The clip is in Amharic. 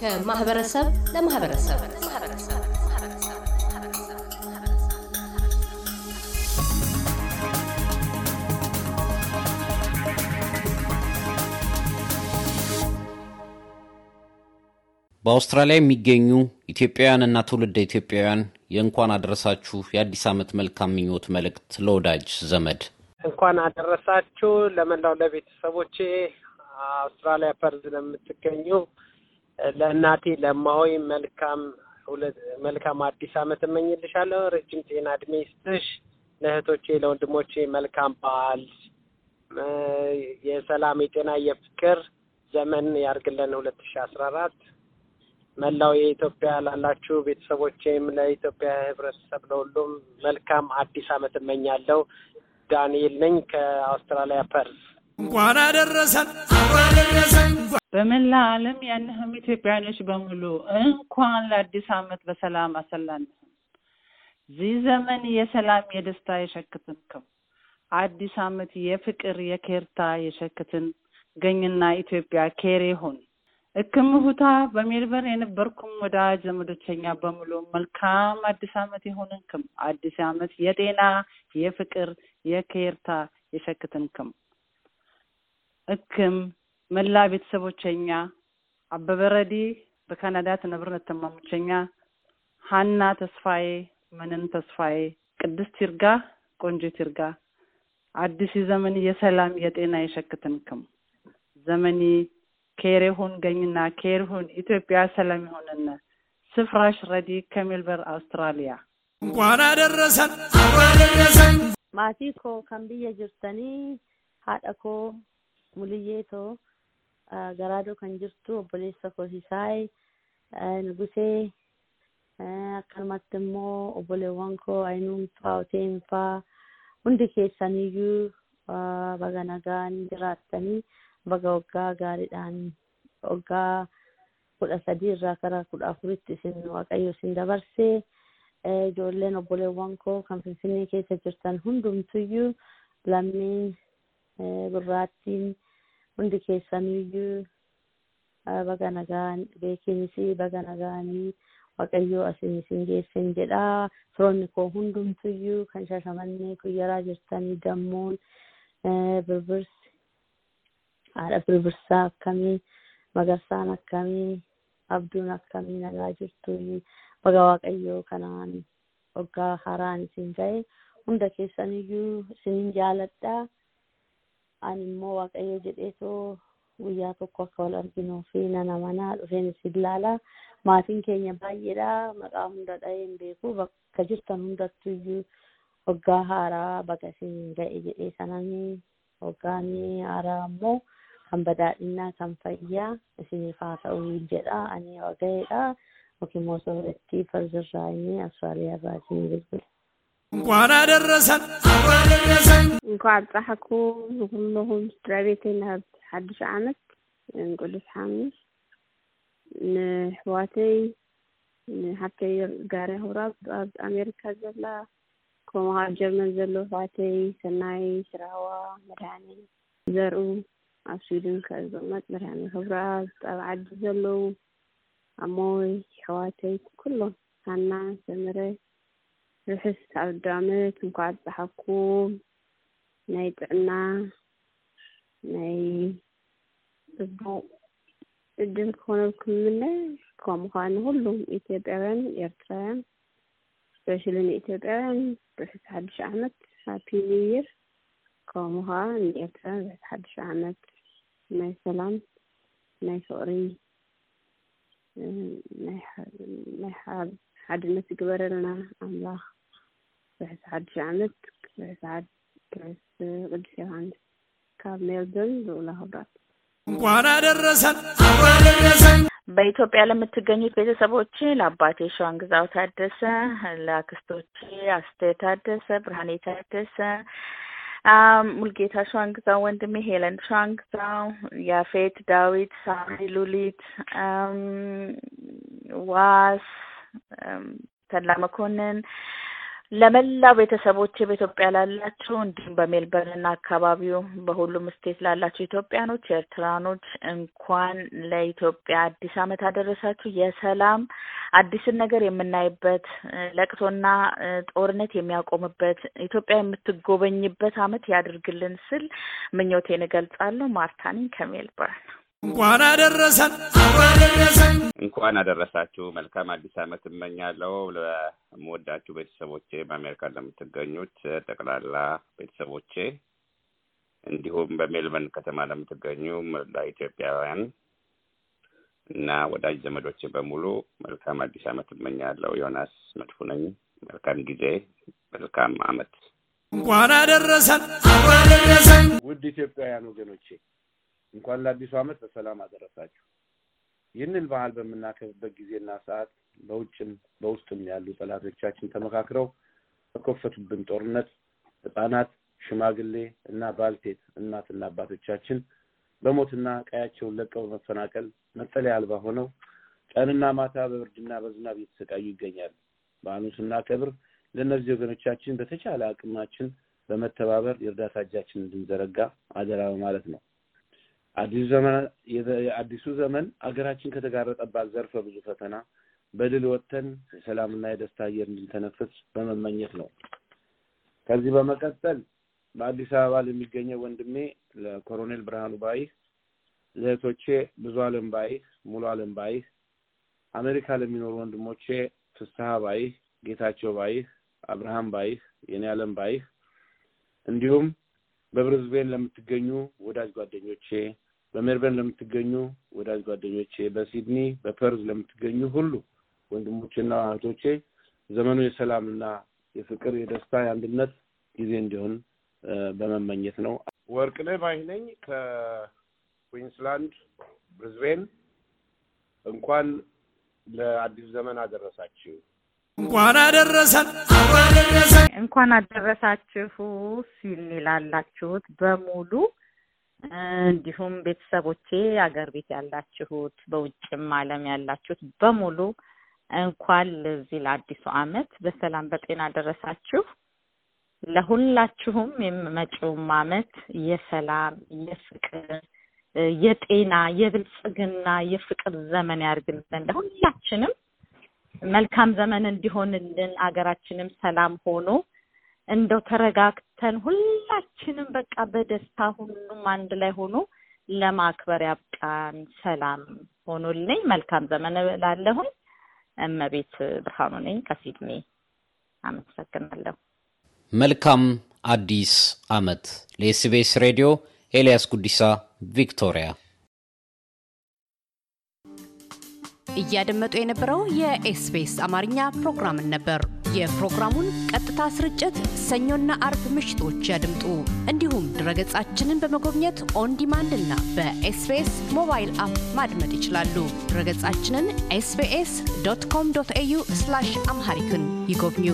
ከማህበረሰብ ለማህበረሰብ በአውስትራሊያ የሚገኙ ኢትዮጵያውያንና ትውልደ ኢትዮጵያውያን የእንኳን አደረሳችሁ የአዲስ ዓመት መልካም ምኞት መልእክት ለወዳጅ ዘመድ እንኳን አደረሳችሁ። ለመላው ለቤተሰቦቼ፣ አውስትራሊያ ፐርዝ ለምትገኙ ለእናቴ ለማሆይ መልካም መልካም አዲስ ዓመት እመኝልሻለሁ። ረጅም ጤና እድሜ ይስጥሽ። ለእህቶቼ ለወንድሞቼ መልካም በዓል፣ የሰላም የጤና የፍቅር ዘመን ያርግለን ሁለት ሺ አስራ አራት መላው የኢትዮጵያ ላላችሁ ቤተሰቦቼም ለኢትዮጵያ ህብረተሰብ ለሁሉም መልካም አዲስ ዓመት እመኛለሁ። ዳንኤል ነኝ ከአውስትራሊያ ፐርስ። እንኳን አደረሰን በመላ ዓለም ያንህም ኢትዮጵያኖች በሙሉ እንኳን ለአዲስ ዓመት በሰላም አሰላንህም። ዚህ ዘመን የሰላም የደስታ የሸክትንክም አዲስ ዓመት የፍቅር የኬርታ የሸክትን ገኝና ኢትዮጵያ ኬሬ ሆን እክምሁታ በሜልበር የነበርኩም ወዳጅ ዘመዶቸኛ በሙሉ መልካም አዲስ አመት የሆንንክም አዲስ አመት የጤና የፍቅር፣ የኬርታ የሸክትንክም። እክም መላ ቤተሰቦቸኛ አበበረዲ በካናዳ ትነብርነት ተማሙቸኛ ሀና ተስፋዬ ምንን ተስፋዬ ቅድስት ይርጋ ቆንጆት ይርጋ አዲስ ዘመን የሰላም የጤና የሸክትንክም ዘመኒ keere hun ganyinaa keere hun itoophiyaa salamuu hin danda'am sifaash raadii kamilbar awustiraaliyaa. maatii koo kan biyya jirtanii haadha koo mul'iyyeetoo garaadoo kan jirtu obboleessa koo xiisaayi nugusee akka almaatti immoo obboleewwan koo ainuun faa otee faa hundi keessanii baga ga'anii jiraatanii. baga waggaa gaariidhaan waggaa kudha sadii irraa karaa kudha afuritti isin waaqayyo isin dabarsee e, ijoolleen obboleewwan koo kan finfinnee keessa jirtan hundumtuyyuu lammiin birraattiin e, hundi keessaniyyuu e, baga nagaan beekinis baga nagaanii waaqayyoo asin isin geessin jedhaa firoonni koo hundumtuu kan shashamannee kuyyaraa jirtanii dammoon birbirsi. haadha birbirsaa akkamii magarsaan akkamii abduun akkamii nagaa jirtu baga waaqayyoo kanaan waggaa haraan isin ta'e hunda iyyuu isinin jaaladha ani immoo waaqayyo jedheetoo guyyaa tokko akka wal arginuu fi nana manaa dhufeen isin laala maatiin keenya baay'eedha maqaa hunda dha'een beeku bakka jirtan hundattu iyyuu waggaa haaraa baga isin ga'e jedhee sananii waggaan haaraa immoo. kan hanbadaadhinnaa kan fayyaa isiniifaa ta'uu jedha ani waga'eedha yookiin mootooratti farzirraa inni austraaliyaa irraa isinii bilbila. እንኳን አደረሰን እንኳን ፀሓኩም ንኩለኹም ስድራ ቤተይ ናብ ሓዱሽ ዓመት ንቅዱስ ሓሙስ ንኣሕዋተይ ንሓፍተይ ጋር ሁራ ኣብ ኣሜሪካ ዘላ ከምኡ ኣብ ጀርመን ዘሎ ኣሕዋተይ ሰናይ ስራዋ መድሃኒ ዘርኡ ኣብ ስዊድን ከዝቕመጥ ብርሃነ ክብራ ኣብ ዓዲ ዘለዉ ኣሞይ ሕዋተይ ኩሎም ሳና ዘምረ ርሕስ ኣብ ዳመት እንኳ ኣፀሓኩም ናይ ጥዕና ናይ ፅቡቅ እድል ክኾነልኩም ይምነ ከምኡ ከዓ ንኩሉም ኢትዮጵያውያን ኤርትራውያን ስፔሻሊ ንኢትዮጵያውያን ርሕስ ሓዱሽ ዓመት ሃፒ ኒው ይር ከምኡ ከዓ ንኤርትራ ርሕስ ሓዱሽ ዓመት ናይ ሰላም ናይ ፍቅሪ ናይ ሓድነት ዝግበረልና ኣምላኽ ብሕሳ ሓድሽ ዓመት ብርሕቲ ቅዱስ ዮሃንስ ካብ ሜልበርን ልኡላ ክብራት እንኳን አደረሰን በኢትዮጵያ ለምትገኙት ቤተሰቦች ለአባቴ ሸዋን ግዛው ታደሰ፣ ለአክስቶቼ አስቴር ታደሰ፣ ብርሃኔ ታደሰ Um, Mulgita Shwangza went to Mihail and Shwangza, Yafet, David, Sari, Lulit, um, Was, um, Tadlamakunen, um, ለመላው ቤተሰቦች በኢትዮጵያ ላላችሁ እንዲሁም በሜልበርንና አካባቢው በሁሉም ስቴት ላላችሁ ኢትዮጵያኖች፣ ኤርትራኖች እንኳን ለኢትዮጵያ አዲስ ዓመት አደረሳችሁ። የሰላም አዲስን ነገር የምናይበት ለቅሶና ጦርነት የሚያቆምበት ኢትዮጵያ የምትጎበኝበት ዓመት ያድርግልን ስል ምኞቴን እገልጻለሁ። ማርታ ነኝ ከሜልበርን። እንኳን አደረሰን አደረሰን እንኳን አደረሳችሁ። መልካም አዲስ ዓመት እመኛለሁ ለምወዳችሁ ቤተሰቦቼ፣ በአሜሪካ ለምትገኙት ጠቅላላ ቤተሰቦቼ፣ እንዲሁም በሜልበርን ከተማ ለምትገኙ መላ ኢትዮጵያውያን እና ወዳጅ ዘመዶቼ በሙሉ መልካም አዲስ ዓመት እመኛለሁ። ዮናስ መድፉ ነኝ። መልካም ጊዜ፣ መልካም ዓመት። እንኳን አደረሰን አደረሰን። ውድ ኢትዮጵያውያን ወገኖቼ እንኳን ለአዲሱ ዓመት በሰላም አደረሳችሁ። ይህንን በዓል በምናከብበት ጊዜና ሰዓት በውጭም በውስጥም ያሉ ጠላቶቻችን ተመካክረው በከፈቱብን ጦርነት ህጻናት፣ ሽማግሌ እና ባልቴት እናትና አባቶቻችን በሞትና ቀያቸውን ለቀው በመፈናቀል መጠለያ አልባ ሆነው ቀንና ማታ በብርድና በዝናብ እየተሰቃዩ ይገኛሉ። በዓሉን ስናከብር ለእነዚህ ወገኖቻችን በተቻለ አቅማችን በመተባበር የእርዳታ እጃችንን እንድንዘረጋ አደራ በማለት ነው። አዲሱ ዘመን አገራችን ከተጋረጠባት ዘርፈ ብዙ ፈተና በድል ወጥተን የሰላምና የደስታ አየር እንድንተነፍስ በመመኘት ነው። ከዚህ በመቀጠል በአዲስ አበባ ለሚገኘው ወንድሜ ለኮሎኔል ብርሃኑ ባይህ፣ ለእህቶቼ ብዙ አለም ባይህ፣ ሙሉ አለም ባይህ፣ አሜሪካ ለሚኖሩ ወንድሞቼ ፍስሐ ባይህ፣ ጌታቸው ባይህ፣ አብርሃም ባይህ፣ የኔ አለም ባይህ እንዲሁም በብሪዝቤን ለምትገኙ ወዳጅ ጓደኞቼ በሜርበርን ለምትገኙ ወዳጅ ጓደኞቼ፣ በሲድኒ በፐርዝ ለምትገኙ ሁሉ ወንድሞቼና እህቶቼ ዘመኑ የሰላምና የፍቅር የደስታ የአንድነት ጊዜ እንዲሆን በመመኘት ነው። ወርቅነህ ባይነኝ ከኩዊንስላንድ ብሪዝቤን። እንኳን ለአዲስ ዘመን አደረሳችሁ። እንኳን አደረሰን እንኳን አደረሳችሁ ሲል ላላችሁት በሙሉ እንዲሁም ቤተሰቦቼ አገር ቤት ያላችሁት በውጭም ዓለም ያላችሁት በሙሉ እንኳን ለዚህ ለአዲሱ ዓመት በሰላም በጤና ደረሳችሁ። ለሁላችሁም የመጪውም ዓመት የሰላም፣ የፍቅር፣ የጤና፣ የብልጽግና፣ የፍቅር ዘመን ያድርግልን። ለሁላችንም መልካም ዘመን እንዲሆንልን አገራችንም ሰላም ሆኖ እንደው ተረጋግተን ሁላችንም በቃ በደስታ ሁሉም አንድ ላይ ሆኖ ለማክበር ያብቃን። ሰላም ሆኖልኝ መልካም ዘመን እላለሁኝ። እመቤት ብርሃኑ ነኝ ከሲድኒ አመሰግናለሁ። መልካም አዲስ አመት። ለኤስቢኤስ ሬዲዮ ኤልያስ ጉዲሳ ቪክቶሪያ። እያደመጡ የነበረው የኤስቢኤስ አማርኛ ፕሮግራምን ነበር። የፕሮግራሙን ቀጥታ ስርጭት ሰኞና አርብ ምሽቶች ያድምጡ። እንዲሁም ድረገጻችንን በመጎብኘት ኦንዲማንድ እና በኤስቤስ ሞባይል አፕ ማድመጥ ይችላሉ። ድረገጻችንን ኤስቤስ ዶት ኮም ዶት ኤዩ አምሃሪክን ይጎብኙ።